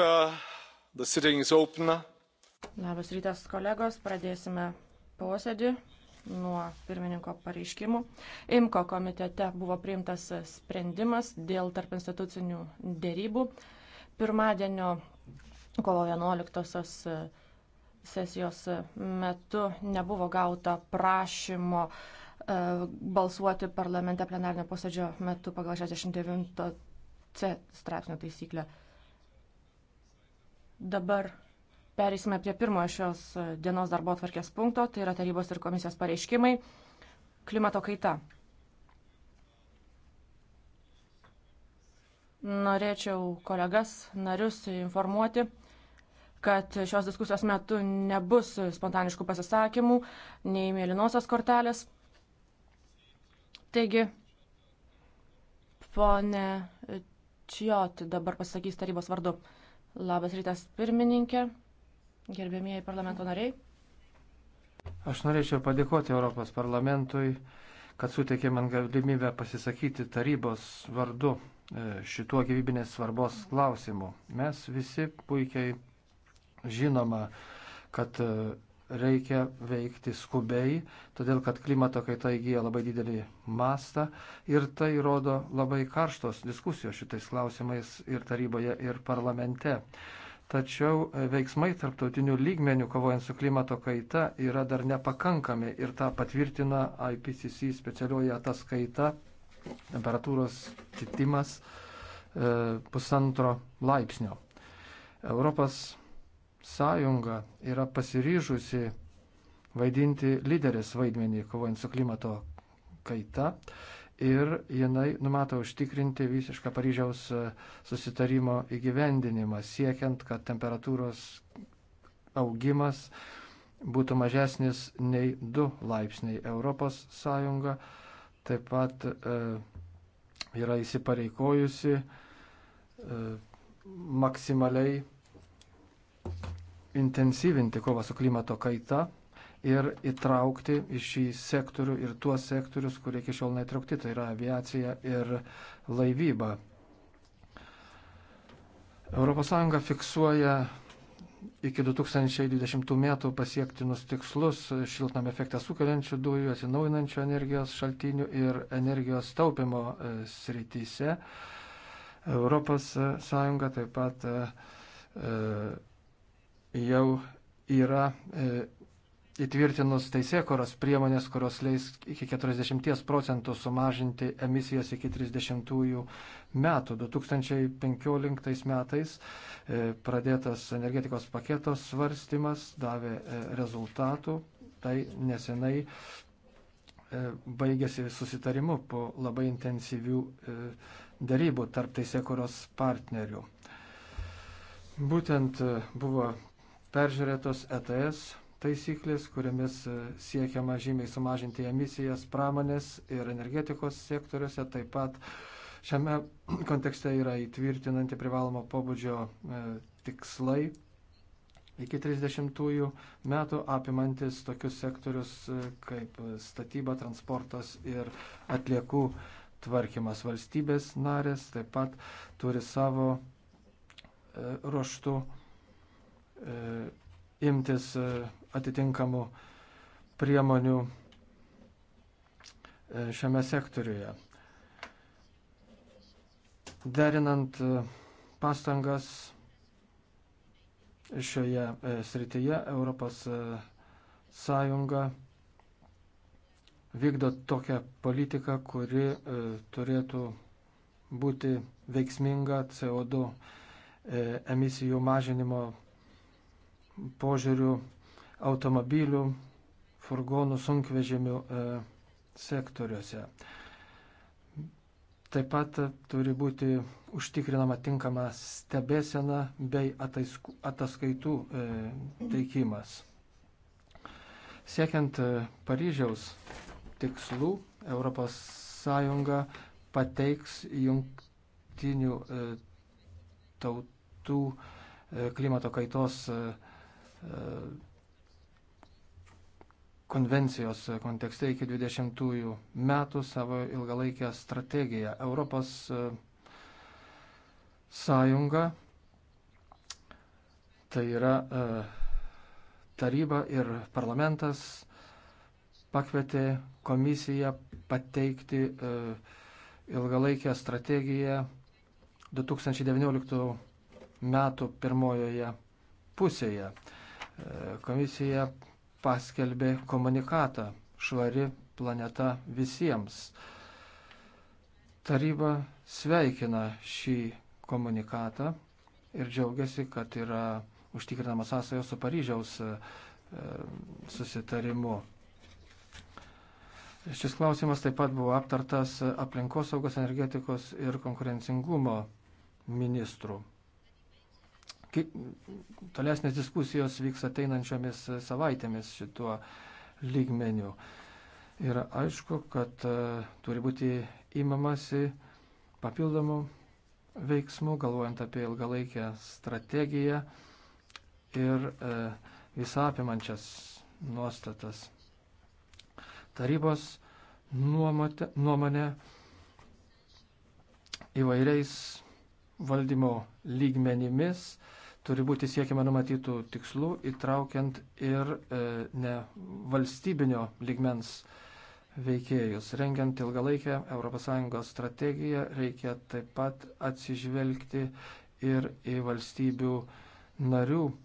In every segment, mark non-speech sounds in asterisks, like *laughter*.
Labas rytas, kolegos. Pradėsime posėdį nuo pirmininko pareiškimų. IMKO komitete buvo priimtas sprendimas dėl tarp institucinių dėrybų. Pirmadienio kovo 11-osios sesijos metu nebuvo gauta prašymo e, balsuoti parlamente plenarnio posėdžio metu pagal 69 C straipsnio taisyklę. Dabar perėsime prie pirmojo šios dienos darbo atvarkės punkto, tai yra tarybos ir komisijos pareiškimai - klimato kaita. Norėčiau kolegas, narius informuoti, kad šios diskusijos metu nebus spontaniškų pasisakymų, nei mėlynosios kortelės. Taigi, ponė Čioti dabar pasakys tarybos vardu. Labas rytas, pirmininkė, gerbėmieji parlamento nariai. Aš norėčiau padėkoti Europos parlamentui, kad suteikė man galimybę pasisakyti tarybos vardu e, šituo gyvybinės svarbos klausimu. Mes visi puikiai žinoma, kad e, reikia veikti skubiai, todėl kad klimato kaita įgyja labai didelį mastą ir tai rodo labai karštos diskusijos šitais klausimais ir taryboje, ir parlamente. Tačiau e, veiksmai tarptautinių lygmenių kovojant su klimato kaita yra dar nepakankami ir tą patvirtina IPCC specialioji ataskaita, temperatūros kitimas e, pusantro laipsnio. Europos sąjunga yra pasiryžusi vaidinti lyderės vaidmenį kovojant su klimato kaita ir jinai numato užtikrinti visišką Paryžiaus e, susitarimo įgyvendinimą, siekiant, kad temperatūros augimas būtų mažesnis nei 2 laipsniai. Europos Sąjunga taip pat e, yra įsipareikojusi e, maksimaliai intensyvinti kovą su klimato kaita ir įtraukti į šį sektorių ir tuos sektorius, kurie iki šiol netraukti, tai yra aviacija ir laivyba. ES fiksuoja iki 2020 metų pasiektinus tikslus šiltnam efektą sukeliančių dujų, atsinaujinančių energijos šaltinių ir energijos taupimo e, srityse. ES taip pat e, e jau yra e, įtvirtinus teisėkoros priemonės, kurios leis iki 40 procentų sumažinti emisijas iki 30 metų. 2015 metais e, pradėtas energetikos paketos svarstymas davė e, rezultatų, tai nesenai e, baigėsi susitarimu po labai intensyvių darybų tarp teisėkoros partnerių. Būtent buvo peržiūrėtos ETS taisyklės, kuriamis e, siekiama žymiai sumažinti emisijas pramonės ir energetikos sektoriuose. Taip pat šiame *clears throat* kontekste yra įtvirtinanti privalomo pobūdžio e, tikslai iki 30 metų apimantis tokius sektorius e, kaip statyba, transportas ir atliekų tvarkymas. Valstybės narės taip pat turi savo ruoštų E, imtis e, atitinkamų priemonių e, šiame sektoriuje. Derinant pastangas šioje srityje Europos Sąjunga vykdo tokią politiką, kuri turėtų būti veiksminga CO2 emisijų mažinimo požiūrių automobilių, furgonų, sunkvežimių e, sektoriuose. Taip pat turi būti užtikrinama tinkama stebėsena bei ataisku, ataskaitų e, teikimas. Siekiant e, Paryžiaus tikslų, ES pateiks jungtinių e, tautų e, klimato kaitos e, konvencijos kontekste iki 20 metų savo ilgalaikę strategiją. Europos e, sąjunga tai yra e, taryba ir parlamentas pakvietė komisiją pateikti e, ilgalaikę strategiją 2019 metų pirmojoje pusėje. Komisija paskelbė komunikatą Švari planeta visiems. Taryba sveikina šį komunikatą ir džiaugiasi, kad yra užtikrinama sąsaja su Paryžiaus e, susitarimu. Šis klausimas taip pat buvo aptartas aplinkosaugos, energetikos ir konkurencingumo ministrų kaip tolesnės diskusijos vyks ateinančiomis savaitėmis šituo lygmeniu. Ir aišku, kad e, turi būti įmamasi papildomų veiksmų, galvojant apie ilgalaikę strategiją ir e, visą apimančias nuostatas. Tarybos nuomate, nuomonė įvairiais valdymo lygmenimis e, Turi būti siekiama numatytų tikslų, įtraukiant ir e, ne valstybinio ligmens veikėjus. Rengiant ilgalaikę ES strategiją reikia taip pat atsižvelgti ir į valstybių narių e,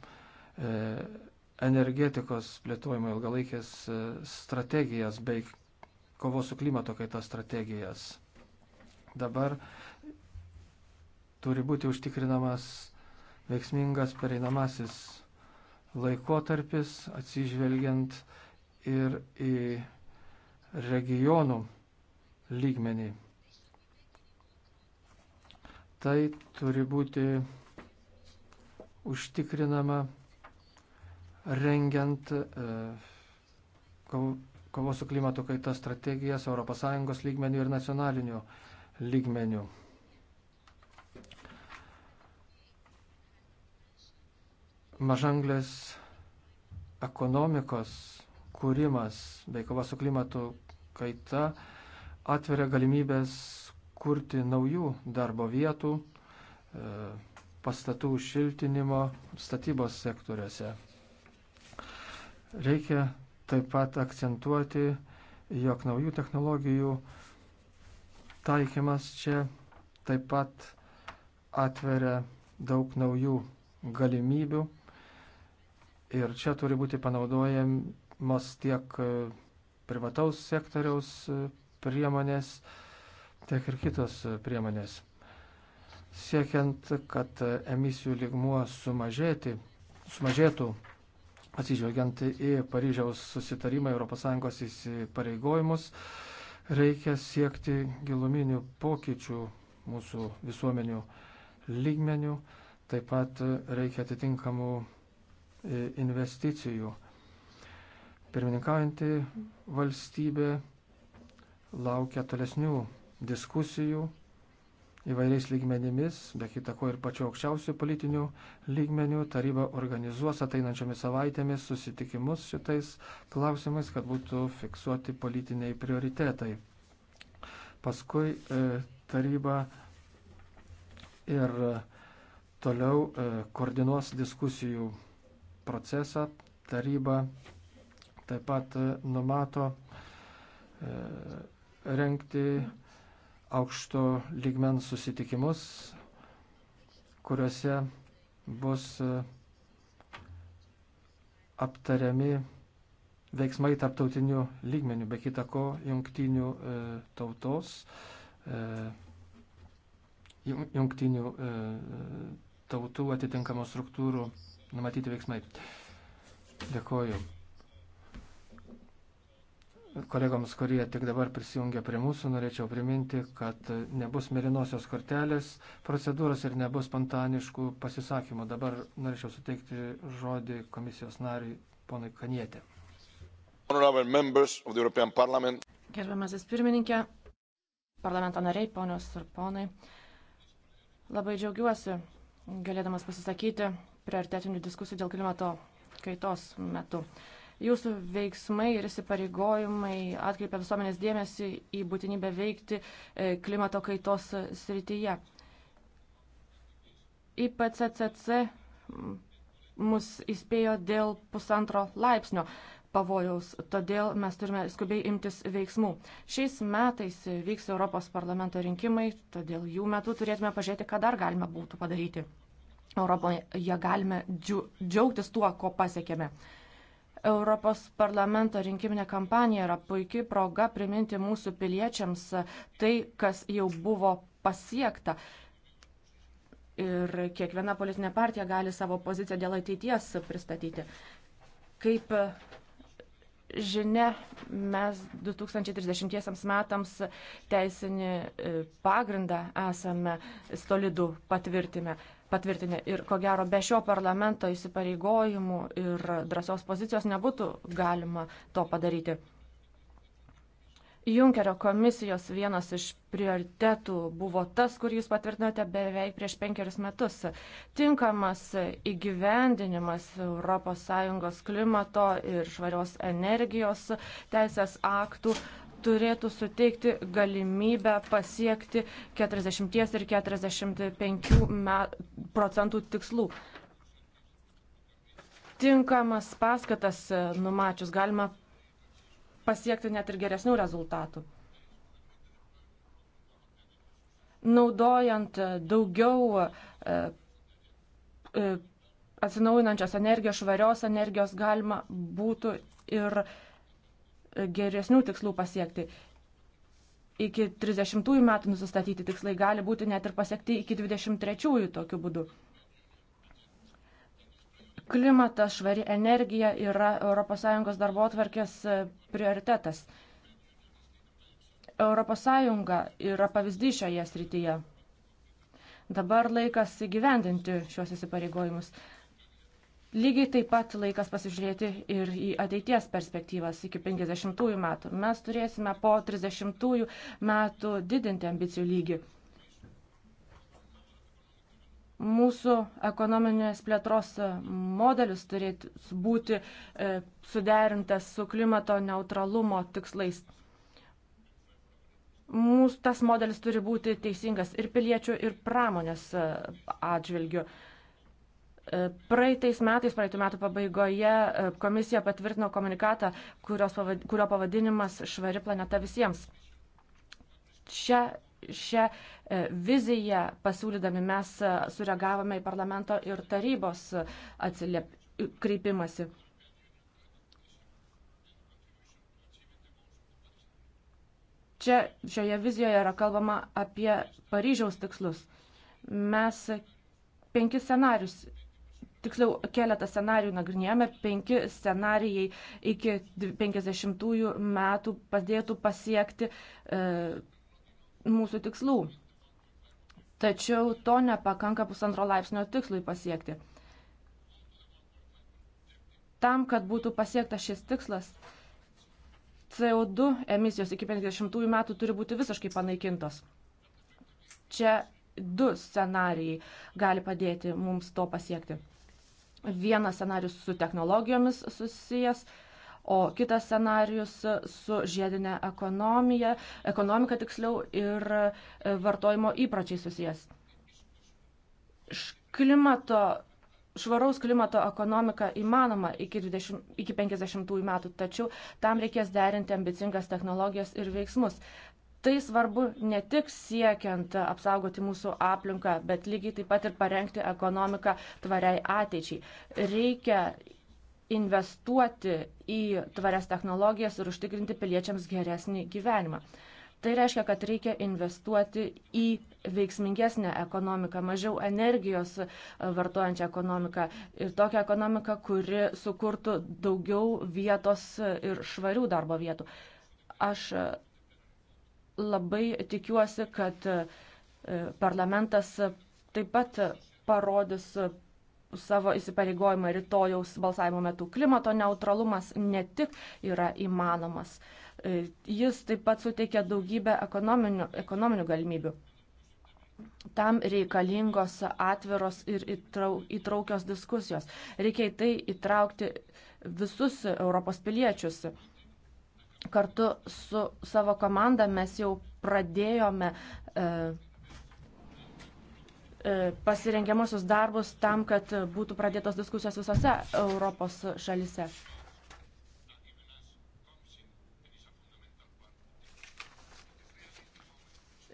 energetikos plėtojimo ilgalaikės e, strategijas bei kovos su klimato kaita strategijas. Dabar turi būti užtikrinamas veiksmingas pereinamasis laikotarpis, atsižvelgiant ir į regionų lygmenį. Tai turi būti užtikrinama rengiant e, kovos su klimato kaita strategijas ES lygmenių ir nacionalinių lygmenių. mažanglės ekonomikos kūrimas bei kova su klimato kaita atveria galimybės kurti naujų darbo vietų e, pastatų šiltinimo statybos sektoriuose. Reikia taip pat akcentuoti, jog naujų technologijų taikymas čia taip pat atveria daug naujų galimybių Ir čia turi būti panaudojamos tiek e, privataus sektoriaus e, priemonės, tiek ir kitos e, priemonės. Siekiant, kad emisijų ligmuo sumažėti, sumažėtų, atsižvelgiant į Paryžiaus susitarimą ES įsipareigojimus, reikia siekti giluminių pokyčių mūsų visuomenių lygmenių, taip pat reikia atitinkamų E, investicijų. Pirmininkaujanti valstybė laukia tolesnių diskusijų įvairiais lygmenimis, be kitako ir pačiu aukščiausiu politiniu lygmeniu. Taryba organizuos ateinančiomis savaitėmis susitikimus šitais klausimais, kad būtų fiksuoti politiniai prioritetai. Paskui e, taryba ir toliau e, koordinuos diskusijų procesą. Taryba taip pat e, numato e, renkti aukšto lygmens susitikimus, kuriuose bus e, aptariami veiksmai tarptautinių lygmenių, be kita ko jungtinių e, tautos, e, jungtinių e, tautų atitinkamų struktūrų numatyti veiksmai. Dėkoju kolegoms, kurie tik dabar prisijungia prie mūsų, norėčiau priminti, kad nebus mėlynosios kortelės procedūros ir nebus spontaniškų pasisakymų. Dabar norėčiau suteikti žodį komisijos nariui ponui Kanietė. Gerbiamasis pirmininkė, parlamento nariai, ponios ir ponai, labai džiaugiuosi galėdamas pasisakyti prioritetinių diskusijų dėl klimato kaitos metu. Jūsų veiksmai ir įsipareigojimai atkreipia visuomenės dėmesį į būtinybę veikti e, klimato kaitos srityje. IPCCC mus įspėjo dėl pusantro laipsnio pavojaus, todėl mes turime skubiai imtis veiksmų. Šiais metais vyks Europos parlamento rinkimai, todėl jų metu turėtume pažiūrėti, ką dar galima būtų padaryti. Europoje galime džiaugtis tuo, ko pasiekėme. Europos parlamento rinkiminė kampanija yra puikiai proga priminti mūsų piliečiams tai, kas jau buvo pasiekta. Ir kiekviena politinė partija gali savo poziciją dėl ateities pristatyti. Kaip žinia, mes 2030 metams teisinį e, pagrindą esame solidų patvirtinę patvirtinę. Ir ko gero, be šio parlamento įsipareigojimų ir drąsios pozicijos nebūtų galima to padaryti. Junkerio komisijos vienas iš prioritetų buvo tas, kurį jūs patvirtinote beveik prieš penkerius metus. Tinkamas įgyvendinimas ES klimato ir švarios energijos teisės aktų turėtų suteikti galimybę pasiekti 40 ir 45 procentų tikslų. Tinkamas paskatas e, numačius galima pasiekti net ir geresnių rezultatų. Naudojant e, daugiau e, atsinaujinančios energijos, švarios energijos galima būtų ir geresnių tikslų pasiekti. Iki 30 metų nusistatyti tikslai gali būti net ir pasiekti iki 23 tokiu būdu. Klimatas, švari energija yra ES darbo atvarkės e, prioritetas. ES yra pavyzdys šioje srityje. Dabar laikas įgyvendinti šios įsipareigojimus. Lygiai taip pat laikas pasižiūrėti ir į ateities perspektyvas iki 50-ųjų metų. Mes turėsime po 30-ųjų metų didinti ambicijų lygį. Mūsų ekonominės plėtros modelis turėtų būti e, suderintas su klimato neutralumo tikslais mūsų tas modelis turi būti teisingas ir piliečių, ir pramonės e, atžvilgių. E, praeitais metais, praeitų metų pabaigoje, e, komisija patvirtino komunikatą, pavad, kurio pavadinimas Švari planeta visiems. Čia šią e, viziją pasiūlydami mes sureagavome į parlamento ir tarybos atsiliep, kreipimasi. Čia šioje vizijoje yra kalbama apie Paryžiaus tikslus. Mes penkis scenarius tiksliau keletą scenarių nagrinėjame, penki scenarijai iki 50-ųjų metų padėtų pasiekti e, mūsų tikslų. Tačiau to nepakanka pusantro laipsnio tikslui pasiekti. Tam, kad būtų pasiektas šis tikslas, CO2 emisijos iki 50 metų turi būti visiškai panaikintos. Čia du scenarijai gali padėti mums to pasiekti. Vienas scenarius su technologijomis susijęs, o kitas scenarius su žiedinė ekonomija, ekonomika tiksliau ir e, vartojimo įpročiai susijęs. Klimato, švaraus klimato ekonomika įmanoma iki, 20, iki 50 metų, tačiau tam reikės derinti ambicingas technologijas ir veiksmus. Tai svarbu ne tik siekiant apsaugoti mūsų aplinką, bet lygiai taip pat ir parengti ekonomiką tvariai ateičiai. Reikia investuoti į tvarias technologijas ir užtikrinti piliečiams geresnį gyvenimą. Tai reiškia, kad reikia investuoti į veiksmingesnę ekonomiką, mažiau energijos vartojančią ekonomiką ir tokią ekonomiką, kuri sukurtų daugiau vietos ir švarių darbo vietų. Aš labai tikiuosi, kad e, parlamentas taip pat parodys savo įsipareigojimą rytojaus balsavimo metu. Klimato neutralumas ne tik yra įmanomas, e, jis taip pat suteikia daugybę ekonominių, ekonominių galimybių. Tam reikalingos atviros ir įtraukios diskusijos. Reikia į tai įtraukti visus Europos piliečius kartu su savo komanda mes jau pradėjome e, e, pasirengiamosius darbus tam, kad būtų pradėtos diskusijos visose Europos šalise.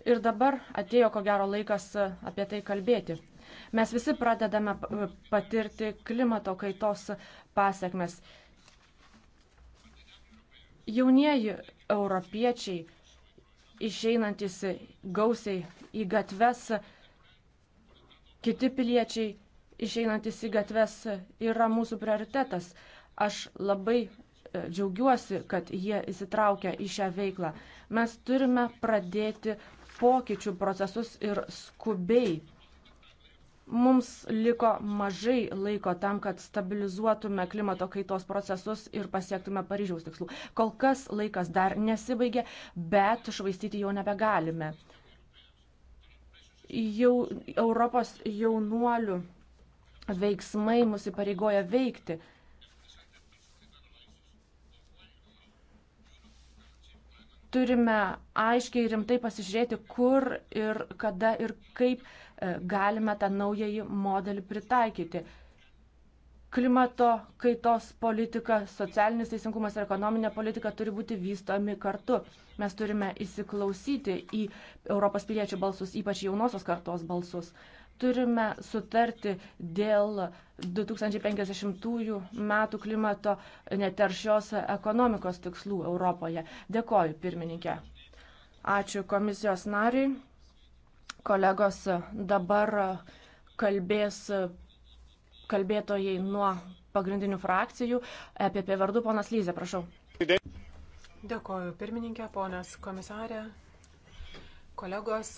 Ir dabar atėjo ko gero laikas apie tai kalbėti. Mes visi pradedame patirti klimato kaitos pasiekmes. Jaunieji europiečiai išeinantis gausiai į gatves, kiti piliečiai išeinantis į gatves yra mūsų prioritetas. Aš labai e, džiaugiuosi, kad jie įsitraukia į šią veiklą. Mes turime pradėti pokyčių procesus ir skubiai Mums liko mažai laiko tam, kad stabilizuotume klimato kaitos procesus ir pasiektume Paryžiaus tikslų. Kol kas laikas dar nesibaigė, bet švaistyti jau nebegalime. Jau Europos jaunuolių veiksmai mus įpareigoja veikti. Turime aiškiai rimtai pasižiūrėti, kur ir kada ir kaip uh, E, galime tą naująjį modelį pritaikyti. Klimato kaitos politika, socialinis teisingumas ir ekonominė politika turi būti vystomi kartu. Mes turime įsiklausyti į Europos piliečių balsus, ypač jaunosios kartos balsus turime sutarti dėl 2050 metų klimato netaršios ekonomikos tikslų Europoje. Dėkoju, pirmininkė. Ačiū komisijos nariui. Kolegos dabar kalbės kalbėtojai nuo pagrindinių frakcijų. EPP vardu ponas Lyzė, prašau. Dėkoju pirmininkė, ponas komisarė, kolegos.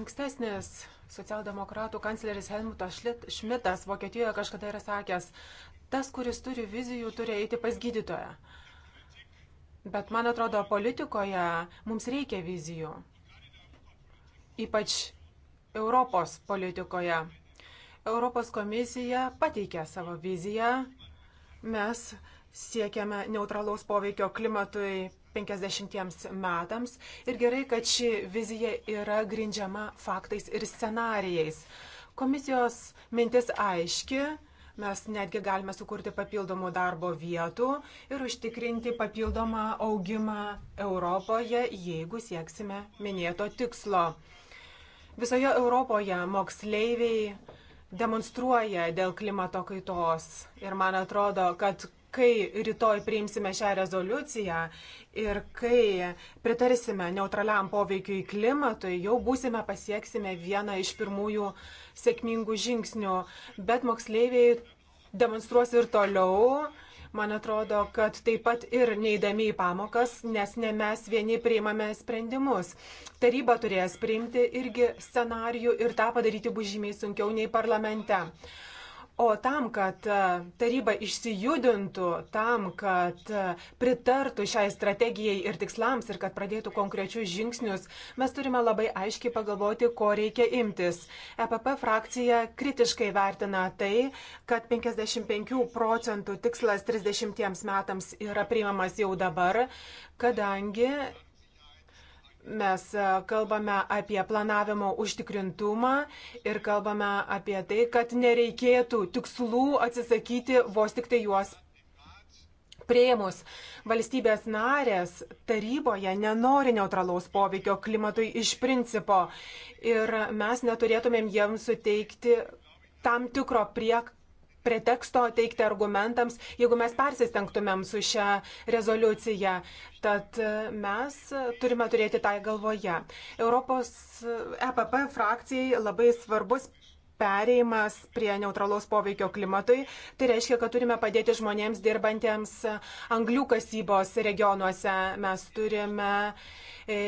Ankstesnis socialdemokratų kancleris Helmutas Šmitas Vokietijoje kažkada yra sakęs, tas, kuris turi vizijų, turi eiti pas gydytoją. Bet man atrodo, politikoje mums reikia vizijų ypač Europos politikoje. Europos komisija pateikė savo viziją. Mes siekiame neutralaus poveikio klimatui 50 metams ir gerai, kad ši vizija yra grindžiama faktais ir scenarijais. Komisijos mintis aiški, mes netgi galime sukurti papildomų darbo vietų ir užtikrinti papildomą augimą Europoje, jeigu sieksime minėto tikslo. Visoje Europoje moksleiviai demonstruoja dėl klimato kaitos ir man atrodo, kad kai rytoj priimsime šią rezoliuciją ir kai pritarsime neutraliam poveikiui klimatui, jau būsime pasieksime vieną iš pirmųjų sėkmingų žingsnių. Bet moksleiviai demonstruos ir toliau Man atrodo, kad taip pat ir neįdami į pamokas, nes ne mes vieni priimame sprendimus. Taryba turės priimti irgi scenarijų ir tą padaryti bus žymiai sunkiau nei parlamente. O tam, kad e, taryba išsijudintų, tam, kad e, pritartų šiai strategijai ir tikslams ir kad pradėtų konkrečius žingsnius, mes turime labai aiškiai pagalvoti, ko reikia imtis. EPP frakcija kritiškai vertina tai, kad 55 procentų tikslas 30 metams yra priimamas jau dabar, kadangi mes e, kalbame apie planavimo užtikrintumą ir kalbame apie tai, kad nereikėtų tikslų atsisakyti vos tik tai juos prieimus valstybės narės taryboje nenori neutralaus poveikio klimatui iš principo ir mes neturėtumėm jiems suteikti tam tikro priek preteksto teikti argumentams, jeigu mes persistengtumėm su šią rezoliuciją. Tad e, mes turime turėti tai galvoje. Europos EPP e frakcijai labai svarbus perėjimas prie neutralaus poveikio klimatui. Tai reiškia, kad turime padėti žmonėms dirbantiems anglių kasybos regionuose. Mes turime e,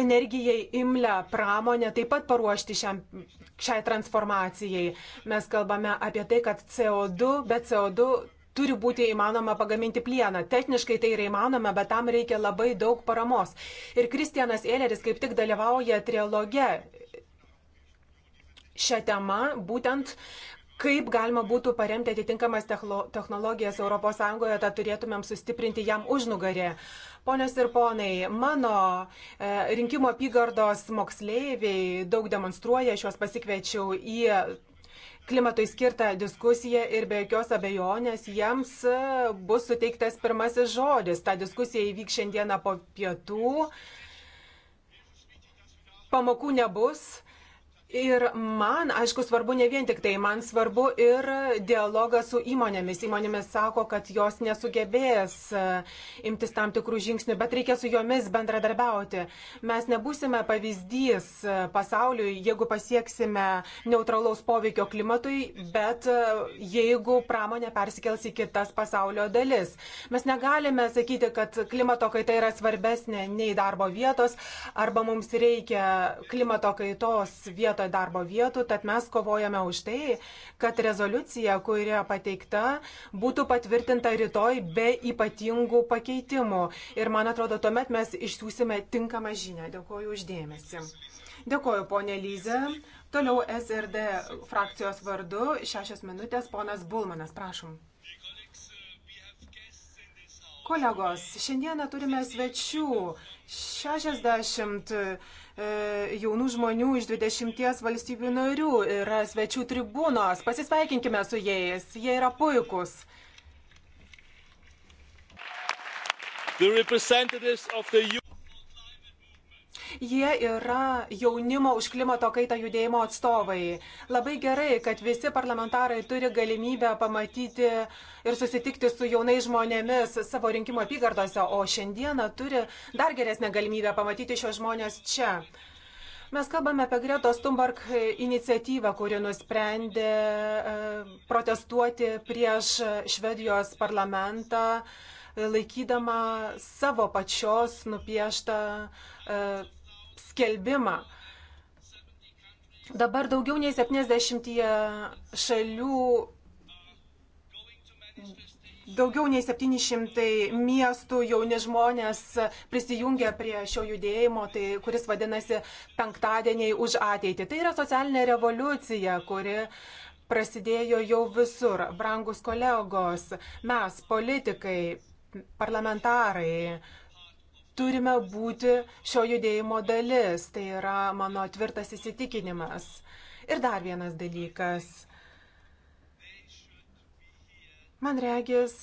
energijai imlę pramonę taip pat paruošti šiam šiai transformacijai. Mes kalbame apie tai, kad CO2, be CO2 turi būti įmanoma pagaminti plieną. Techniškai tai yra įmanoma, bet tam reikia labai daug paramos. Ir Kristianas Eileris kaip tik dalyvauja trialoge šią temą, būtent kaip galima būtų paremti atitinkamas technologijas ES, tad turėtumėm sustiprinti jam užnugarį. Ponios ir ponai, mano e, rinkimo apygardos moksleiviai daug demonstruoja, aš juos pasikviečiau į klimatui skirtą diskusiją ir be jokios abejonės jiems e, bus suteiktas pirmasis žodis. Ta diskusija įvyks šiandieną po pietų. Pamokų nebus, Ir man, aišku, svarbu ne vien tik tai, man svarbu ir dialogas su įmonėmis. Įmonėmis sako, kad jos nesugebės e, imtis tam tikrų žingsnių, bet reikia su jomis bendradarbiauti. Mes nebusime pavyzdys e, pasauliui, jeigu pasieksime neutralaus poveikio klimatui, bet e, jeigu pramonė persikels į kitas pasaulio dalis. Mes negalime sakyti, kad klimato kaita yra svarbesnė nei darbo vietos, arba mums reikia klimato kaitos vietos vietoje darbo vietų, tad mes kovojame už tai, kad rezoliucija, kuri pateikta, būtų patvirtinta rytoj be ypatingų pakeitimų. Ir man atrodo, tuomet mes išsiųsime tinkamą žinią. Dėkuoju uždėmesi. Dėkuoju, ponė Lyze. Toliau SRD frakcijos vardu šešias minutės ponas Bulmanas, prašom. Kolegos, šiandieną turime svečių 60 E, jaunų žmonių iš 20 valstybių narių yra svečių tribūnos. Pasisveikinkime su jais, jie yra puikūs. The representatives of the Jie yra jaunimo už klimato kaitą judėjimo atstovai. Labai gerai, kad visi parlamentarai turi galimybę pamatyti ir susitikti su jaunais žmonėmis savo rinkimo apygardose, o šiandieną turi dar geresnę galimybę pamatyti šios žmonės čia. Mes kalbame apie Gretos Thunberg iniciatyvą, kuri nusprendė e, protestuoti prieš Švedijos parlamentą, laikydama savo pačios nupieštą e, skelbimą. Dabar daugiau nei 70 šalių, daugiau nei 700 miestų jauni žmonės prisijungia prie šio judėjimo, tai, kuris vadinasi penktadieniai už ateitį. Tai yra socialinė revoliucija, kuri prasidėjo jau visur. Brangus kolegos, mes, politikai, parlamentarai, turime būti šio judėjimo dalis. Tai yra mano tvirtas įsitikinimas. Ir dar vienas dalykas. Man regis,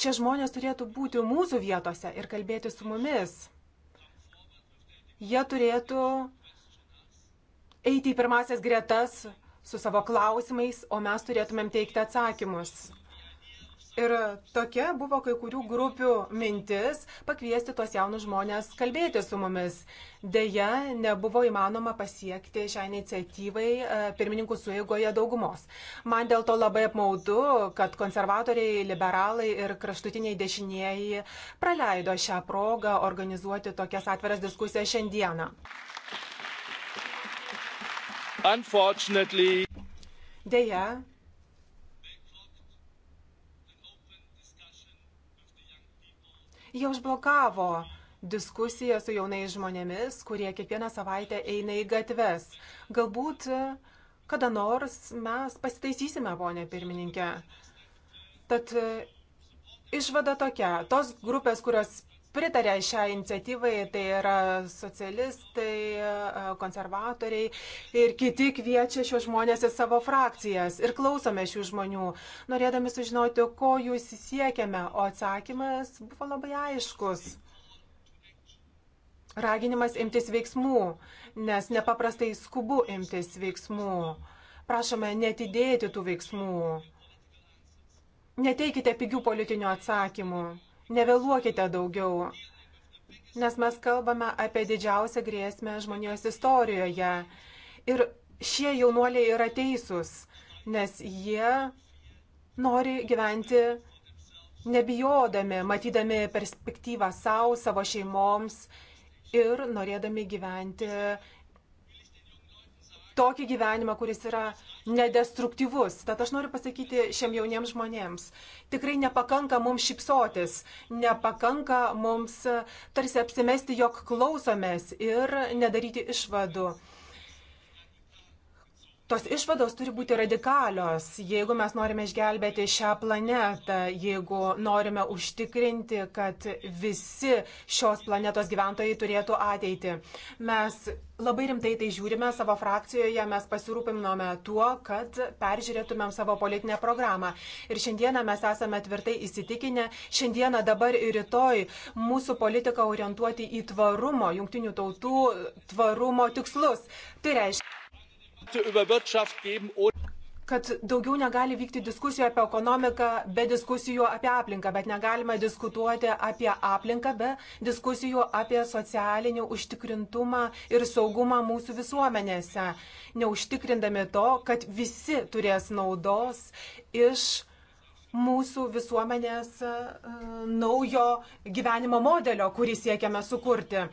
šie žmonės turėtų būti mūsų vietose ir kalbėti su mumis. Jie turėtų eiti į pirmasias gretas su savo klausimais, o mes turėtumėm teikti atsakymus. Ir tokia buvo kai kurių grupių mintis pakviesti tuos jaunus žmonės kalbėti su mumis. Deja, nebuvo įmanoma pasiekti šią iniciatyvai e, pirmininkų suėgoje daugumos. Man dėl to labai apmaudu, kad konservatoriai, liberalai ir kraštutiniai dešinieji praleido šią progą organizuoti tokias atviras diskusijas šiandieną. Deja, Jie užblokavo diskusiją su jaunais žmonėmis, kurie kiekvieną savaitę eina į gatves. Galbūt e, kada nors mes pasitaisysime, ponė pirmininkė. Tad e, išvada tokia. Tos grupės, kurios pritarė šią iniciatyvai, tai yra socialistai, e, konservatoriai ir kiti kviečia šios žmonės į savo frakcijas ir klausome šių žmonių, norėdami sužinoti, ko jūs siekiame, o atsakymas buvo labai aiškus. Raginimas imtis veiksmų, nes nepaprastai skubu imtis veiksmų. Prašome netidėti tų veiksmų. Neteikite pigių politinių atsakymų nevėluokite daugiau, nes mes kalbame apie didžiausią grėsmę žmonijos istorijoje. Ir šie jaunuoliai yra teisūs, nes jie nori gyventi nebijodami, matydami perspektyvą savo, savo šeimoms ir norėdami gyventi tokį gyvenimą, kuris yra nedestruktyvus. Tad aš noriu pasakyti šiem jauniems žmonėms, tikrai nepakanka mums šipsotis, nepakanka mums e, tarsi apsimesti, jog klausomės ir nedaryti išvadų tos išvados turi būti radikalios, jeigu mes norime išgelbėti šią planetą, jeigu norime užtikrinti, kad visi šios planetos gyventojai turėtų ateitį. Mes labai rimtai tai žiūrime savo frakcijoje, mes pasirūpinome tuo, kad peržiūrėtumėm savo politinę programą. Ir šiandieną mes esame tvirtai įsitikinę, šiandieną, dabar ir rytoj mūsų politika orientuoti į tvarumo, jungtinių tautų tvarumo tikslus. Tai reiškia kad daugiau negali vykti diskusijų apie ekonomiką be diskusijų apie aplinką, bet negalima diskutuoti apie aplinką be diskusijų apie socialinį užtikrintumą ir saugumą mūsų visuomenėse, neužtikrindami to, kad visi turės naudos iš mūsų visuomenės e, naujo gyvenimo modelio, kurį siekiame sukurti.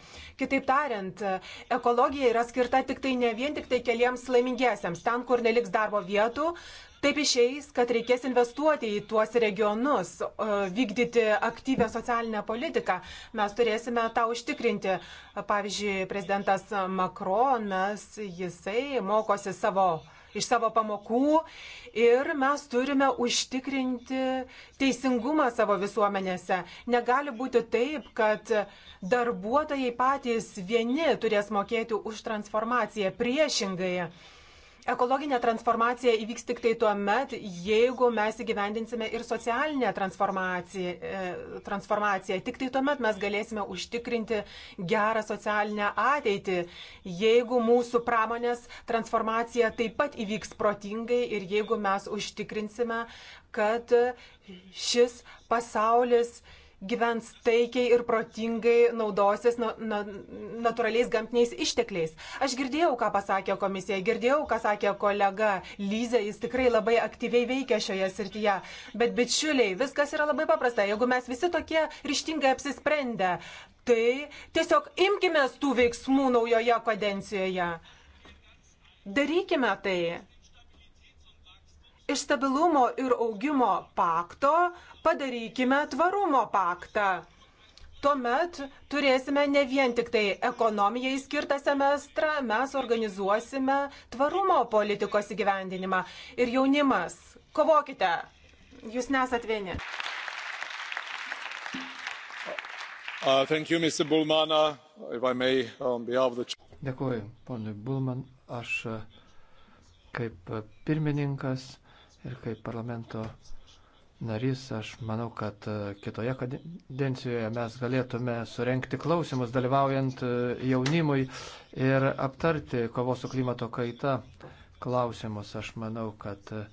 Kitaip tariant, ekologija yra skirta tik tai ne vien tik tai keliems laimingiesiems, ten, kur neliks darbo vietų. Taip išeis, kad reikės investuoti į tuos regionus, vykdyti aktyvę socialinę politiką. Mes turėsime tą užtikrinti. Pavyzdžiui, prezidentas Makronas, jisai mokosi savo uh, iš savo pamokų ir mes turime užtikrinti teisingumą savo visuomenėse. Negali būti taip, kad darbuotojai patys vieni turės mokėti už transformaciją priešingai ekologinė transformacija įvyks tik tai tuo met, jeigu mes įgyvendinsime ir socialinę transformaciją. E, transformaciją. Tik tai tuo met mes galėsime užtikrinti gerą socialinę ateitį, jeigu mūsų pramonės transformacija taip pat įvyks protingai ir jeigu mes užtikrinsime, kad šis pasaulis gyvens taikiai ir protingai naudosis na, na, natūraliais gamtiniais ištekliais. Aš girdėjau, ką pasakė komisija, girdėjau, ką sakė kolega Lyze, jis tikrai labai aktyviai veikia šioje srityje. Bet bičiuliai, viskas yra labai paprasta. Jeigu mes visi tokie ryštingai apsisprendę, tai tiesiog imkime tų veiksmų naujoje kadencijoje. Darykime tai iš stabilumo ir augimo pakto padarykime tvarumo paktą. Tuomet turėsime ne vien tik tai ekonomijai skirtą semestrą, mes organizuosime tvarumo politikos įgyvendinimą. Ir jaunimas, kovokite, jūs nesat vieni. Uh, you, Bulmana, uh, may, the... Dėkuoju, ponui Bulman. Aš uh, kaip uh, pirmininkas Ir kaip parlamento narys, aš manau, kad e, kitoje kadencijoje mes galėtume surenkti klausimus, dalyvaujant e, jaunimui ir aptarti kovos su klimato kaita klausimus. Aš manau, kad e,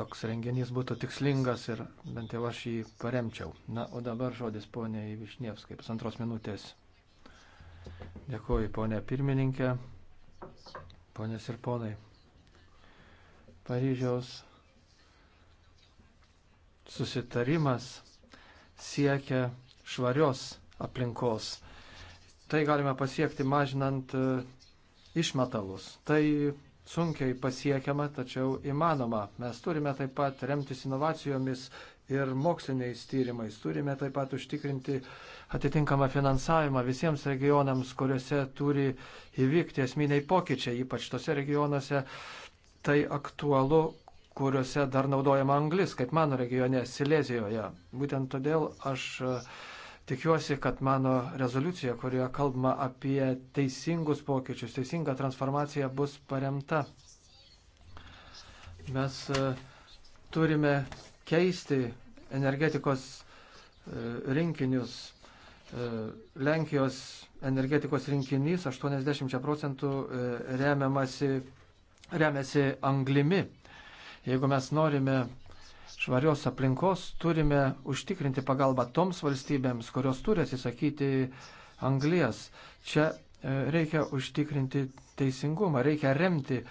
toks renginys būtų tikslingas ir bent jau aš jį paremčiau. Na, o dabar žodis poniai Višnievskai, pusantros minutės. Dėkuoju, ponė pirmininkė, ponės ir ponai. Paryžiaus susitarimas siekia švarios aplinkos. Tai galime pasiekti mažinant e, išmetalus. Tai sunkiai pasiekiama, tačiau įmanoma. Mes turime taip pat remtis inovacijomis ir moksliniais tyrimais. Turime taip pat užtikrinti atitinkamą finansavimą visiems regionams, kuriuose turi įvykti esminiai pokyčiai, ypač tose regionuose, tai aktualu, kuriuose dar naudojama anglis, kaip mano regione, Silezijoje. Būtent todėl aš e, tikiuosi, kad mano rezoliucija, kurioje kalbama apie teisingus pokyčius, teisingą transformaciją, bus paremta. Mes e, turime keisti energetikos e, rinkinius. Lenkijos energetikos rinkinys 80 procentų remiamasi remiasi anglimi. Jeigu mes norime švarios aplinkos, turime užtikrinti pagalbą toms valstybėms, kurios turi atsisakyti anglies. Čia e, reikia užtikrinti teisingumą, reikia remti e,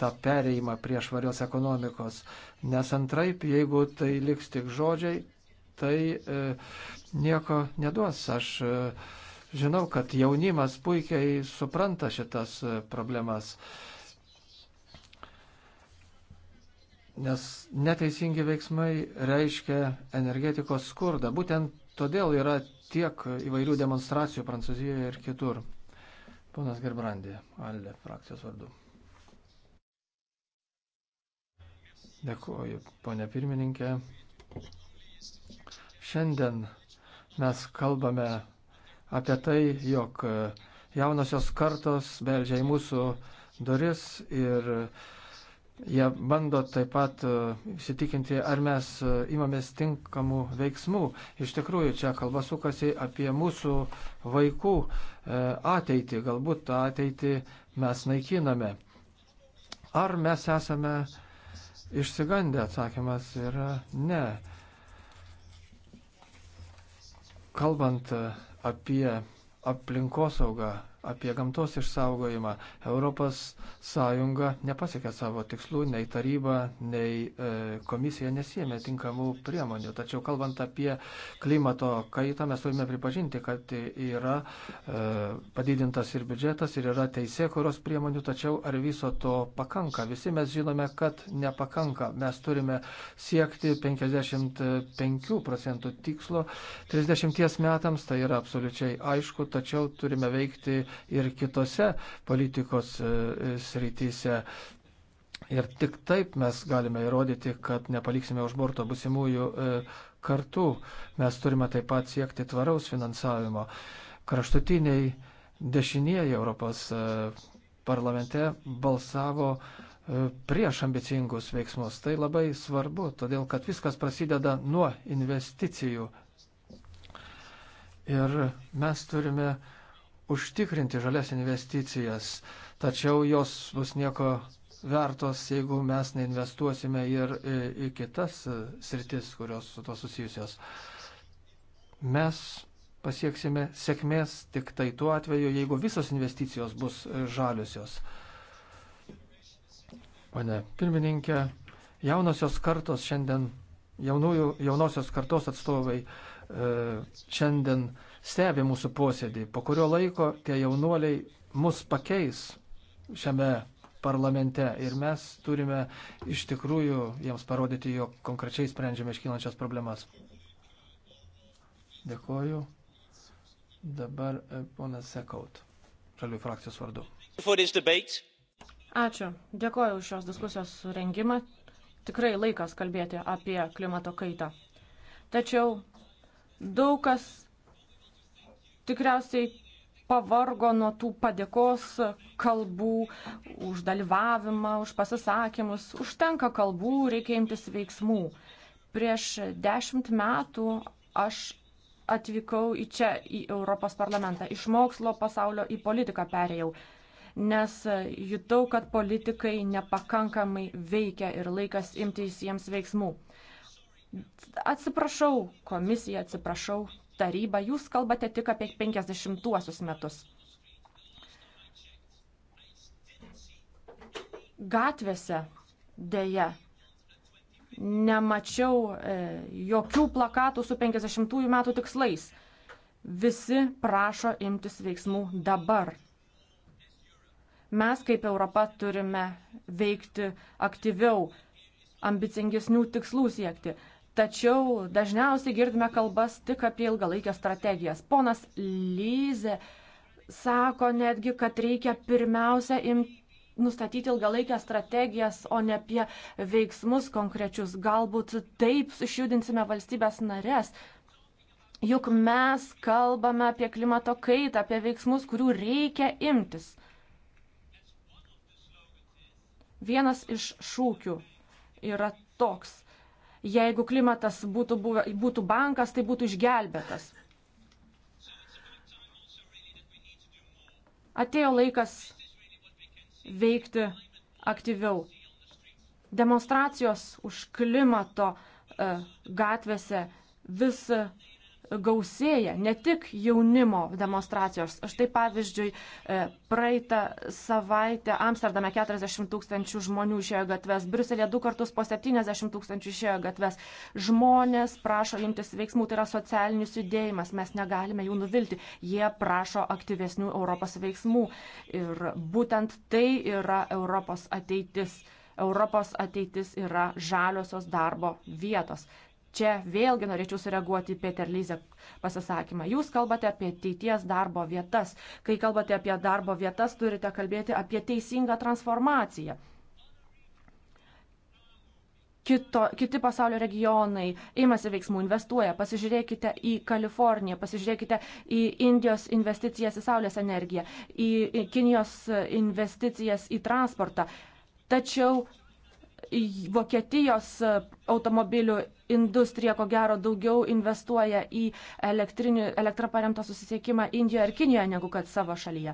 tą pereimą prie švarios ekonomikos, nes antraip, jeigu tai liks tik žodžiai, tai e, nieko neduos. Aš e, žinau, kad jaunimas puikiai supranta šitas e, problemas. E, nes neteisingi veiksmai reiškia energetikos skurdą. Būtent todėl yra tiek įvairių demonstracijų Prancūzijoje ir kitur. Ponas Gerbrandė, Alde, frakcijos vardu. Dėkuoju, ponė pirmininkė. Šiandien mes kalbame apie tai, jog jaunosios kartos beldžia į mūsų duris ir uh, Jie bando taip pat e, įsitikinti, ar mes e, imamės tinkamų veiksmų. Iš tikrųjų, čia kalba sukasi apie mūsų vaikų e, ateitį. Galbūt tą ateitį mes naikiname. Ar mes esame išsigandę? Atsakymas yra ne. Kalbant apie aplinkosaugą apie gamtos išsaugojimą. Europos Sąjunga nepasiekė savo tikslų, nei taryba, nei e, komisija nesėmė tinkamų priemonių. Tačiau kalbant apie klimato kaitą, mes turime pripažinti, kad yra e, padidintas ir biudžetas, ir yra teisėkuros priemonių, tačiau ar viso to pakanka? Visi mes žinome, kad nepakanka. Mes turime siekti 55 procentų tikslo 30 metams, tai yra absoliučiai aišku, tačiau turime veikti ir kitose politikos e, e, srityse. Ir tik taip mes galime įrodyti, kad nepaliksime už borto busimųjų e, kartų. Mes turime taip pat siekti tvaraus finansavimo. Kraštutiniai dešinieji Europos parlamente balsavo prieš ambicingus veiksmus. Tai labai svarbu, todėl kad viskas prasideda nuo investicijų. Ir mes turime uh, užtikrinti žalias investicijas, tačiau jos bus nieko vertos, jeigu mes neinvestuosime ir į kitas e, sritis, kurios su to susijusios. Mes pasieksime sėkmės tik tai tuo atveju, jeigu visos investicijos bus e, žaliosios. Pane pirmininkė, jaunosios kartos šiandien, jaunųjų, jaunosios kartos atstovai e, šiandien stebi mūsų posėdį. Po kurio laiko tie jaunuoliai mus pakeis šiame parlamente ir mes turime iš tikrųjų jiems parodyti, jog konkrečiai sprendžiame iškylančias problemas. Dėkoju. Dabar e, ponas Sekaut, žalių frakcijos vardu. Ačiū. Dėkoju už šios diskusijos surengimą. Tikrai laikas kalbėti apie klimato kaitą. Tačiau daug kas tikriausiai pavargo nuo tų padėkos kalbų, už dalyvavimą, už pasisakymus. Užtenka kalbų, reikia imtis veiksmų. Prieš dešimt metų aš atvykau į čia, į Europos parlamentą. Iš mokslo pasaulio į politiką perėjau, nes jutau, kad politikai nepakankamai veikia ir laikas imtis jiems veiksmų. Atsiprašau komisiją, atsiprašau tarybą, jūs kalbate tik apie 50-uosius metus. Gatvėse dėja nemačiau e, jokių plakatų su 50-ųjų metų tikslais. Visi prašo imtis veiksmų dabar. Mes kaip Europa turime veikti aktyviau, ambicingesnių tikslų siekti. Tačiau dažniausiai girdime kalbas tik apie ilgalaikės strategijas. Ponas Lyze sako netgi, kad reikia pirmiausia imti nustatyti ilgalaikės strategijas, o ne apie veiksmus konkrečius. Galbūt taip sušiudinsime valstybės narės. Juk mes kalbame apie klimato kaitą, apie veiksmus, kurių reikia imtis. Vienas iš šūkių yra toks Jeigu klimatas būtų, buvę, būtų bankas, tai būtų išgelbėtas. Atėjo laikas veikti aktyviau. Demonstracijos už klimato e, gatvėse vis gausėja, ne tik jaunimo demonstracijos. Štai pavyzdžiui, e, praeitą savaitę Amsterdame 40 tūkstančių žmonių išėjo gatves, Briuselėje du kartus po 70 tūkstančių išėjo gatves. Žmonės prašo imtis veiksmų, tai yra socialinis judėjimas, mes negalime jų nuvilti. Jie prašo aktyvesnių Europos veiksmų ir būtent tai yra Europos ateitis. Europos ateitis yra žaliosios darbo vietos čia vėlgi norėčiau sureaguoti į Peter Lyze pasisakymą. Jūs kalbate apie ateities darbo vietas. Kai kalbate apie darbo vietas, turite kalbėti apie teisingą transformaciją. Kito, kiti pasaulio regionai imasi veiksmų, investuoja. Pasižiūrėkite į Kaliforniją, pasižiūrėkite į Indijos investicijas į saulės energiją, į, į Kinijos investicijas į transportą. Tačiau Vokietijos automobilių industrija ko gero daugiau investuoja į elektrą paremtą susisiekimą Indijoje ar Kinijoje negu kad savo šalyje.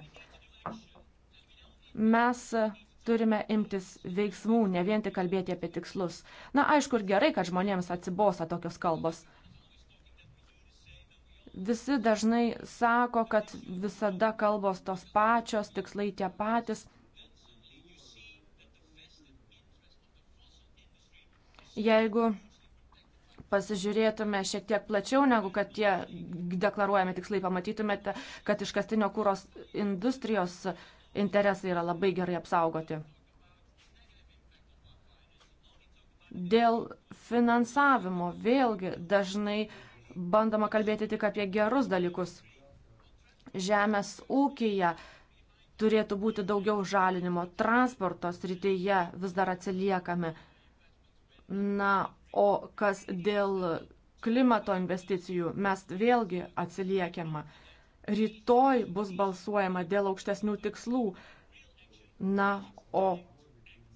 Mes turime imtis veiksmų, ne vien tik kalbėti apie tikslus. Na, aišku, ir gerai, kad žmonėms atsibosa tokios kalbos. Visi dažnai sako, kad visada kalbos tos pačios, tikslai tie patys. Jeigu pasižiūrėtume šiek tiek plačiau negu kad tie deklaruojami tikslai, pamatytumėte, kad iškastinio kūros industrijos interesai yra labai gerai apsaugoti. Dėl finansavimo vėlgi dažnai bandoma kalbėti tik apie gerus dalykus. Žemės ūkija turėtų būti daugiau žalinimo, transporto srityje vis dar atsiliekame. Na, O kas dėl klimato investicijų, mes vėlgi atsiliekame. Rytoj bus balsuojama dėl aukštesnių tikslų. Na, o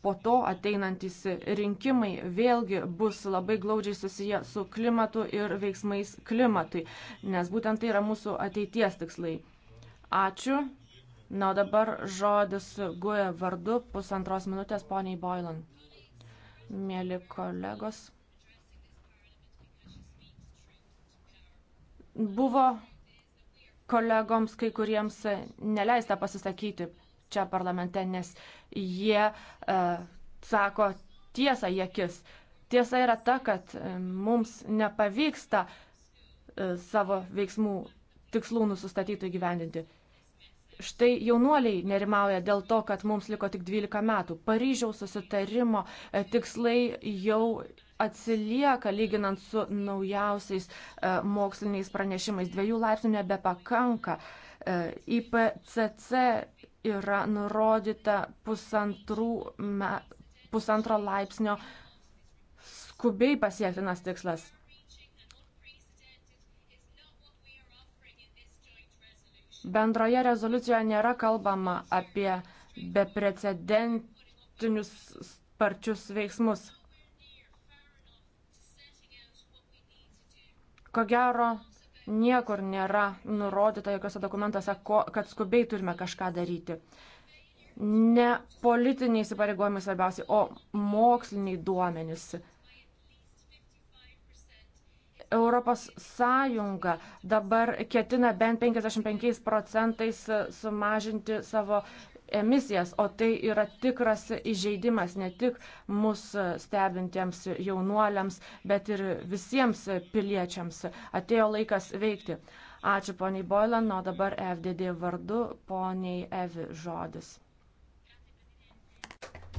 po to ateinantys rinkimai vėlgi bus labai glaudžiai susiję su klimatu ir veiksmais klimatui, nes būtent tai yra mūsų ateities tikslai. Ačiū. Na, o dabar žodis Guja vardu pusantros minutės poniai Boilan. Mėly kolegos. Buvo kolegoms kai kuriems e, neleista pasisakyti čia parlamente, nes jie uh, sako tiesą į akis. Tiesa yra ta, kad e, mums nepavyksta uh, savo veiksmų tikslų nusistatytų įgyvendinti. Štai jaunuoliai nerimauja dėl to, kad mums liko tik 12 metų. Paryžiaus susitarimo tikslai jau atsilieka lyginant su naujausiais e, moksliniais pranešimais. Dviejų laipsnių nebepakanka. E, IPCC yra nurodyta pusantrų, me, pusantro laipsnio skubiai pasiektinas tikslas. Bendroje rezoliucijoje nėra kalbama apie beprecedentinius sparčius veiksmus. Ko gero, niekur nėra nurodyta jokiuose dokumentuose, ko, kad skubiai turime kažką daryti. Ne politiniai įsipareigojimai svarbiausiai, o moksliniai duomenys. Europos Sąjunga dabar ketina bent 55 procentais sumažinti savo emisijas, o tai yra tikras įžeidimas ne tik mūsų stebintiems jaunuoliams, bet ir visiems piliečiams. Atėjo laikas veikti. Ačiū poniai Boilan, o dabar FDD vardu poniai Evi žodis.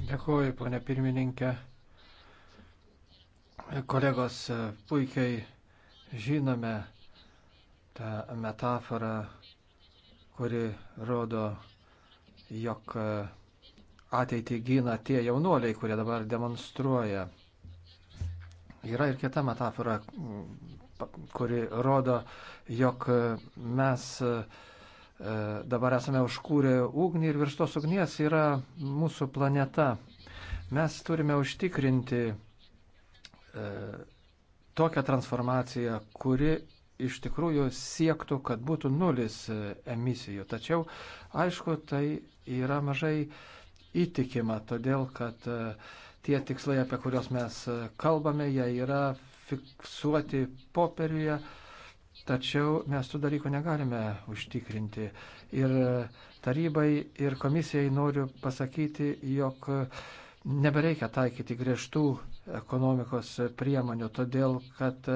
Dėkuoju, ponia pirmininkė. Kolegos, puikiai žinome tą metaforą, kuri rodo jog e, ateitį gina tie jaunuoliai, kurie dabar demonstruoja. Yra ir kita metafora, kuri rodo, jog e, mes e, dabar esame užkūrę ugnį ir virš tos ugnies yra mūsų planeta. Mes turime užtikrinti tokią transformaciją, kuri iš tikrųjų siektų, kad būtų nulis emisijų. Tačiau, aišku, tai yra mažai įtikima, todėl kad e, tie tikslai, apie kuriuos mes e, kalbame, jie yra fiksuoti popieriuje, tačiau mes tų dalykų negalime užtikrinti. Ir e, tarybai ir komisijai noriu pasakyti, jog nebereikia taikyti griežtų ekonomikos priemonių, todėl kad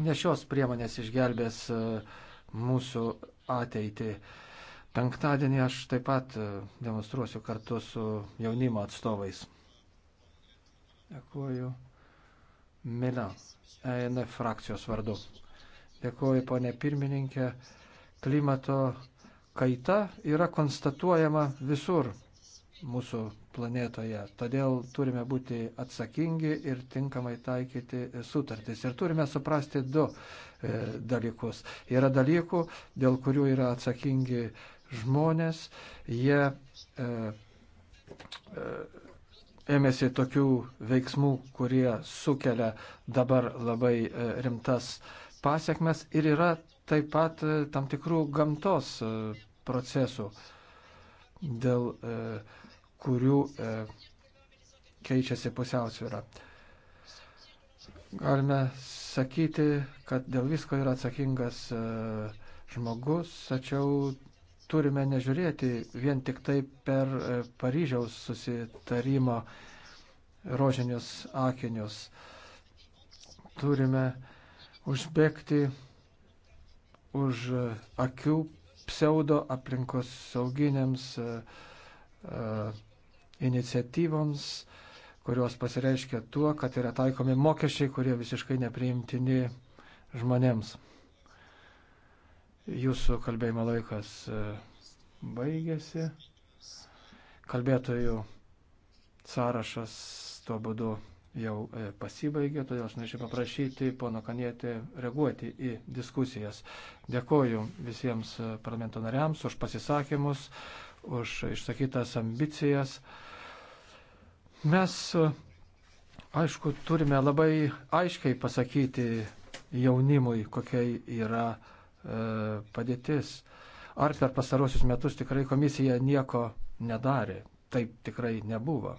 ne šios priemonės išgelbės mūsų ateitį. Penktadienį aš taip pat e, demonstruosiu kartu su jaunimo atstovais. Dėkuoju. Mila, ENF frakcijos vardu. Dėkuoju, ponė pirmininkė. Klimato kaita yra konstatuojama visur mūsų planetoje. Todėl turime būti atsakingi ir tinkamai taikyti sutartis. Ir turime suprasti du e, dalykus. Yra dalykų, dėl kurių yra atsakingi e, žmonės, jie e, e, ėmėsi tokių veiksmų, kurie sukelia dabar labai e, rimtas pasiekmes ir yra taip pat e, tam tikrų gamtos e, procesų, dėl e, kurių e, keičiasi pusiausvyrą. Galime sakyti, kad dėl visko yra atsakingas e, žmogus, tačiau turime nežiūrėti vien tik tai per e, Paryžiaus susitarimo rožinius akinius. Turime užbėgti už akių pseudo aplinkos sauginiams e, e, iniciatyvoms, kurios pasireiškia tuo, kad yra taikomi mokesčiai, kurie visiškai nepriimtini žmonėms. Jūsų kalbėjimo laikas e, baigėsi. Kalbėtojų sąrašas tuo būdu jau e, pasibaigė, todėl aš norėčiau paprašyti pono Kanietį reaguoti į diskusijas. Dėkoju visiems e, parlamento nariams už pasisakymus, už išsakytas ambicijas. Mes, aišku, turime labai aiškiai pasakyti jaunimui, kokia yra E, padėtis. Ar per pastarosius metus tikrai komisija nieko nedarė? Taip tikrai nebuvo.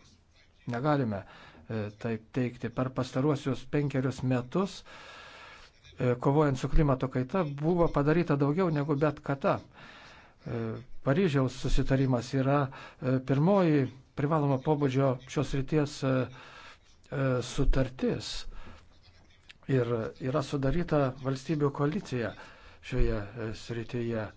Negalime e, taip teikti. Per pastarosius penkerius metus, e, kovojant su klimato kaita, buvo padaryta daugiau negu bet kada. Paryžiaus susitarimas yra pirmoji privaloma pobūdžio šios ryties sutartis ir yra sudaryta valstybių koalicija šioje e, srityje.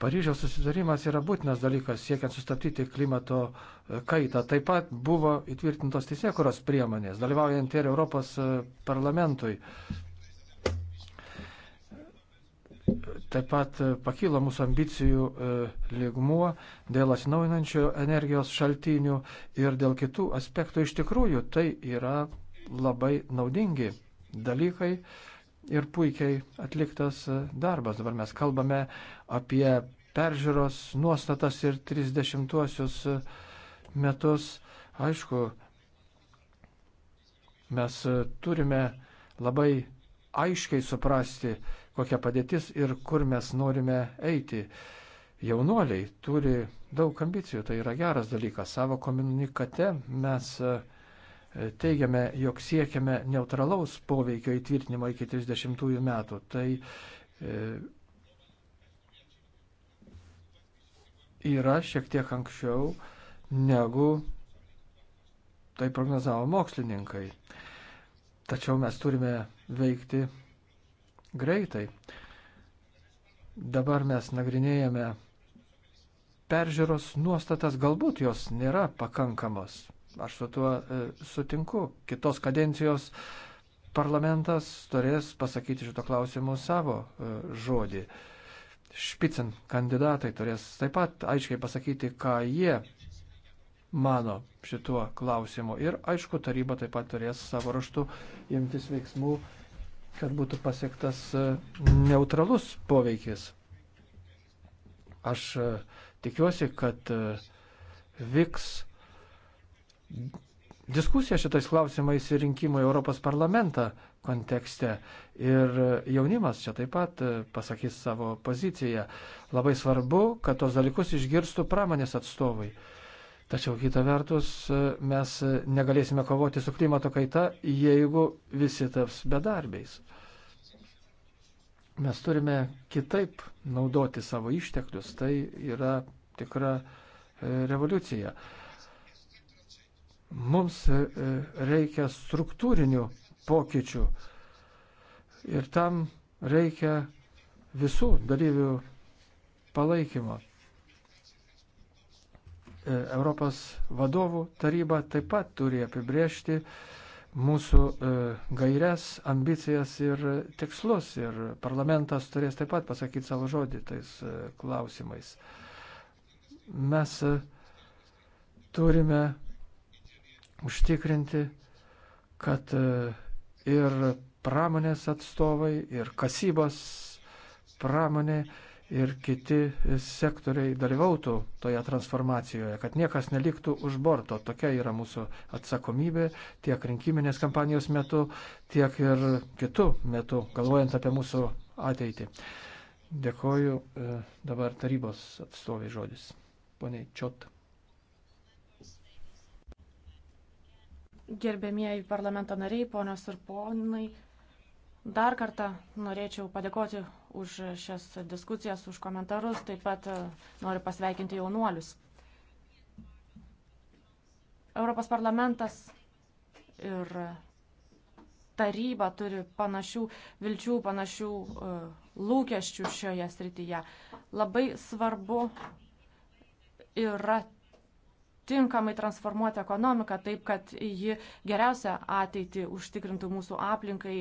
Paryžiaus susitarimas yra būtinas dalykas siekiant sustabdyti klimato e, kaitą. Taip pat buvo įtvirtintos teisėkuros priemonės, dalyvaujant ir Europos e, parlamentui. Taip pat pakilo mūsų ambicijų lygmuo dėl atsinaujinančių energijos šaltinių ir dėl kitų aspektų. Iš tikrųjų, tai yra labai naudingi dalykai, ir puikiai atliktas e, darbas. Dabar mes kalbame apie peržiūros nuostatas ir 30-uosius e, metus. Aišku, mes e, turime labai aiškiai suprasti, kokia padėtis ir kur mes norime eiti. Jaunuoliai turi daug ambicijų, tai yra geras dalykas. Savo komunikate mes uh, teigiame, jog siekiame neutralaus poveikio įtvirtinimo iki 30 metų. Tai e, yra šiek tiek anksčiau negu tai prognozavo mokslininkai. Tačiau mes turime veikti greitai. Dabar mes nagrinėjame peržiūros nuostatas, galbūt jos nėra pakankamos. Aš su tuo e, sutinku. Kitos kadencijos parlamentas turės pasakyti šito klausimu savo e, žodį. Špicin kandidatai turės taip pat aiškiai pasakyti, ką jie mano šituo klausimu. Ir aišku, taryba taip pat turės savo raštu imtis veiksmų, kad būtų pasiektas e, neutralus poveikis. Aš tikiuosi, kad vyks diskusiją šitais klausimais ir rinkimų į Europos parlamentą kontekste. Ir jaunimas čia taip pat e, pasakys savo poziciją. Labai svarbu, kad tos dalykus išgirstų pramonės atstovai. Tačiau kita vertus, e, mes negalėsime kovoti su klimato kaita, jeigu visi taps bedarbiais. Mes turime kitaip naudoti savo išteklius. Tai yra tikra e, revoliucija. Mums e, e, reikia struktūrinių pokyčių ir tam reikia visų dalyvių palaikymo. E, Europos vadovų taryba taip pat turi apibriežti mūsų gairias, ambicijas ir tikslus. Ir parlamentas turės taip pat pasakyti savo žodį tais klausimais. Mes turime užtikrinti, kad e, ir pramonės atstovai, ir kasybos pramonė, ir kiti sektoriai dalyvautų toje transformacijoje, kad niekas neliktų už borto. Tokia yra mūsų atsakomybė tiek rinkiminės kampanijos metu, tiek ir kitų metų, galvojant apie mūsų ateitį. Dėkoju e, dabar tarybos atstoviai žodis. Pone Čiot. Gerbėmieji parlamento nariai, ponios ir ponai, dar kartą norėčiau padėkoti už šias diskusijas, už komentarus, taip pat e, noriu pasveikinti jaunuolius. Europos parlamentas ir taryba turi panašių vilčių, panašių e, lūkesčių šioje srityje. Labai svarbu yra tinkamai transformuoti ekonomiką taip, kad ji geriausią ateitį užtikrintų mūsų aplinkai,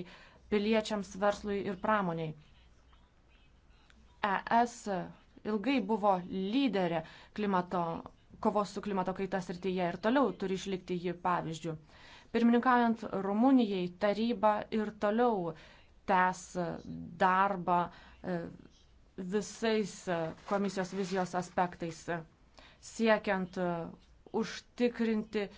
piliečiams, verslui ir pramoniai. ES ilgai buvo lyderė klimato, kovos su klimato kaita srityje ir toliau turi išlikti ji pavyzdžių. Pirmininkaujant Rumunijai, taryba ir toliau tęs darbą e, visais komisijos vizijos aspektais, siekiant užtikrinti e,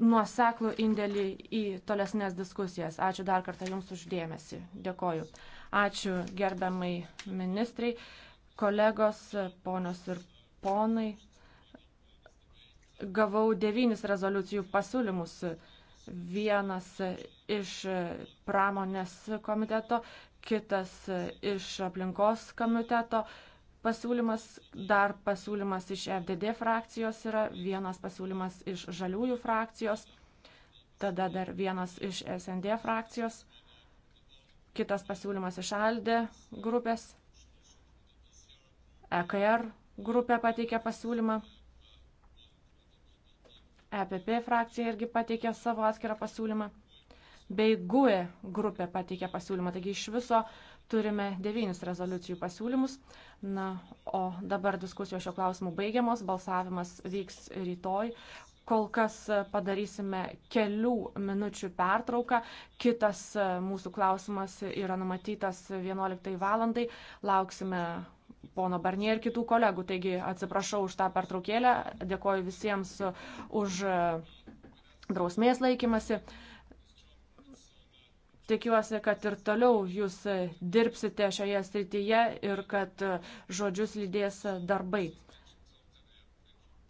nuoseklų indėlį į tolesnės diskusijas. Ačiū dar kartą Jums uždėmesi. Dėkoju. Ačiū gerbiamai ministrai, kolegos, ponios ir ponai. Gavau devynis rezoliucijų pasiūlymus. Vienas iš pramonės komiteto, kitas iš aplinkos komiteto, pasiūlymas, dar pasiūlymas iš FDD frakcijos yra, vienas pasiūlymas iš žaliųjų frakcijos, tada dar vienas iš SND frakcijos, kitas pasiūlymas iš ALDE grupės, EKR grupė pateikė pasiūlymą, EPP frakcija irgi pateikė savo atskirą pasiūlymą, bei GUE grupė pateikė pasiūlymą. Taigi iš viso uh, Turime devynis rezoliucijų pasiūlymus. Na, o dabar diskusijos šio klausimu baigiamos. Balsavimas vyks rytoj. Kol kas padarysime kelių minučių pertrauką. Kitas mūsų klausimas yra numatytas 11 valandai. Lauksime pono Barnie ir kitų kolegų. Taigi atsiprašau už tą pertraukėlę. Dėkoju visiems už drausmės laikymasi. Tikiuosi, kad ir toliau jūs dirbsite šioje srityje ir kad žodžius lydės darbai.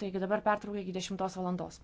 Taigi dabar pertraukai iki 10 valandos.